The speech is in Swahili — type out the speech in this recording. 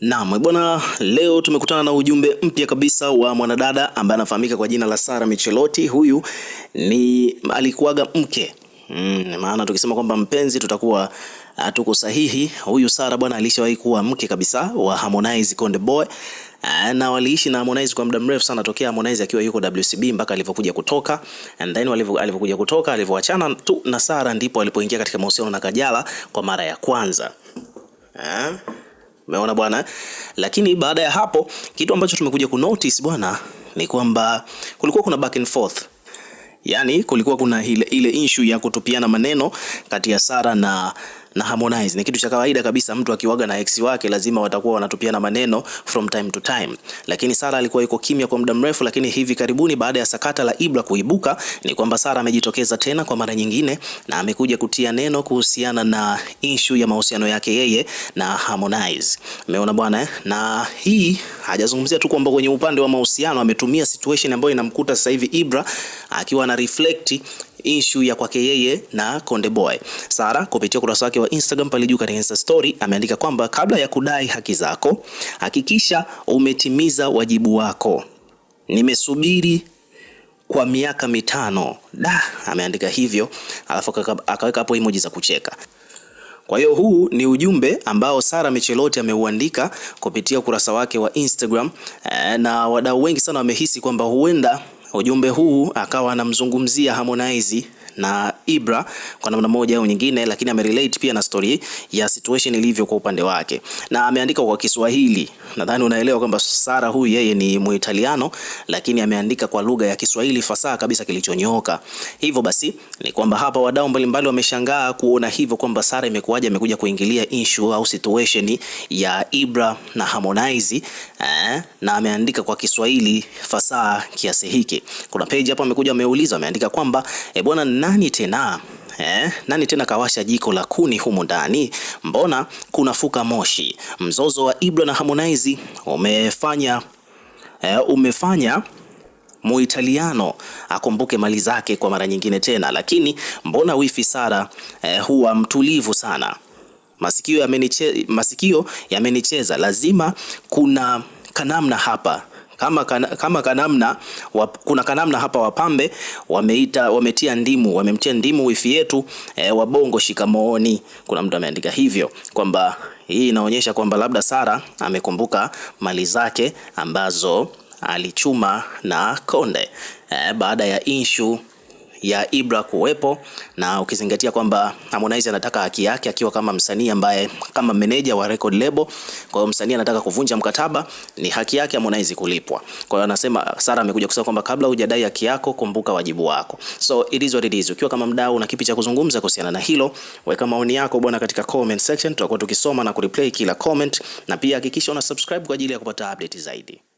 Naam, eh, bwana, leo tumekutana na ujumbe mpya kabisa wa mwanadada ambaye anafahamika kwa jina la Sara Michelotti. Huyu ni alikuwaga mke mm, maana tukisema kwamba mpenzi tutakuwa hatuko ah, sahihi. Huyu Sara bwana, alishawahi kuwa mke kabisa wa Harmonize Konde Boy ah, na waliishi na Harmonize kwa muda mrefu sana tokea Harmonize akiwa yuko WCB mpaka alivyokuja kutoka, and then alivyokuja kutoka, alivyoachana tu na Sara ndipo alipoingia katika mahusiano na Kajala kwa mara ya kwanza ha? Ah, Umeona bwana, lakini baada ya hapo kitu ambacho tumekuja ku notice bwana ni kwamba kulikuwa kuna back and forth, yaani kulikuwa kuna ile, ile issue ya kutupiana maneno kati ya Sara na na Harmonize ni kitu cha kawaida kabisa. Mtu akiwaga na ex wake lazima watakuwa wanatupiana maneno from time to time, lakini Sara alikuwa yuko kimya kwa muda mrefu. Lakini hivi karibuni, baada ya sakata la Ibra kuibuka, ni kwamba Sara amejitokeza tena kwa mara nyingine na amekuja kutia neno kuhusiana na issue ya mahusiano yake yeye na Harmonize. Umeona bwana eh? Na hii hajazungumzia tu kwamba kwenye upande wa mahusiano, ametumia situation ambayo inamkuta sasa hivi Ibra akiwa na reflect issue ya kwake yeye na Konde Boy. Sara kupitia ukurasa wake wa Instagram pale juu katika Insta story ameandika kwamba kabla ya kudai haki zako hakikisha umetimiza wajibu wako. Nimesubiri kwa miaka mitano. Da, ameandika hivyo, alafu akaweka hapo emoji za kucheka. Kwa hiyo huu ni ujumbe ambao Sara Michelotti ameuandika kupitia ukurasa wake wa Instagram, eh, na wadau wengi sana wamehisi kwamba huenda ujumbe huu akawa anamzungumzia Harmonize na Ibra kwa namna moja au nyingine, lakini amerelate pia na story ya situation ilivyo kwa upande wake, na ameandika kwa Kiswahili. Nadhani unaelewa kwamba Sara huyu yeye ni Muitaliano, lakini ameandika kwa lugha ya Kiswahili fasaha kabisa kilichonyoka. Hivyo basi ni kwamba hapa wadau mbalimbali wameshangaa kuona hivyo kwamba Sara imekuwaje, amekuja kuingilia issue au situation ya Ibra na Harmonize eh, na ameandika kwa Kiswahili fasaha kiasi hiki. Kuna page hapo amekuja ameuliza, ameandika kwamba e, bwana nani tena Eh, nani tena kawasha jiko la kuni humu ndani? Mbona kuna fuka moshi? Mzozo wa Ibra na Harmonize umefanya eh, umefanya Muitaliano akumbuke mali zake kwa mara nyingine tena, lakini mbona wifi Sara eh, huwa mtulivu sana? Masikio yamenicheza, masikio yamenicheza, lazima kuna kanamna hapa kama, kana, kama kanamna wap, kuna kanamna hapa wapambe wameita wametia ndimu wamemtia ndimu wifi yetu e, wabongo shikamooni. Kuna mtu ameandika hivyo kwamba hii inaonyesha kwamba labda Sara amekumbuka mali zake ambazo alichuma na Konde e, baada ya inshu ya Ibra kuwepo na ukizingatia kwamba Harmonize anataka haki yake akiwa kama msanii ambaye kama meneja wa record label. Kwa hiyo msanii anataka kuvunja mkataba, ni haki yake Harmonize kulipwa. Kwa hiyo anasema Sara amekuja kusema kwamba kabla hujadai haki yako, kumbuka wajibu wako. So it is what it is. Ukiwa kama mdau na kipi cha kuzungumza kuhusiana na hilo, weka maoni yako bwana katika comment section, tutakuwa tukisoma na kureplay kila comment, na pia hakikisha una subscribe kwa ajili ya kupata update zaidi.